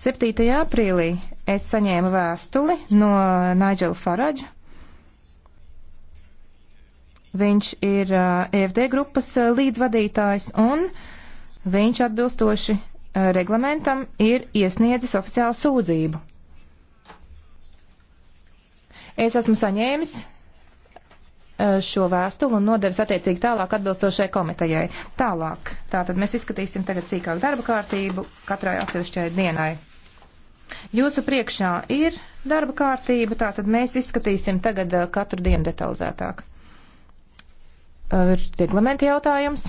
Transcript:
7. aprīlī es saņēmu vēstuli no Nigela Faradža. Viņš ir EFD eh, e grupas eh, līdzvadītājs un viņš atbilstoši eh, reglamentam ir iesniedzis oficiālu sūdzību. Es esmu saņēmis Eh, šo vēstuli un nodevis attiecīgi tālāk atbilstošai komitejai. Tālāk. Tātad mēs izskatīsim tagad sīkāk darba kārtību katrai atsevišķai dienai. Jūsu priekšā ir darba kārtība, tātad mēs izskatīsim tagad eh, katru dienu detalizētāk. Ir eh, reglamenta jautājums.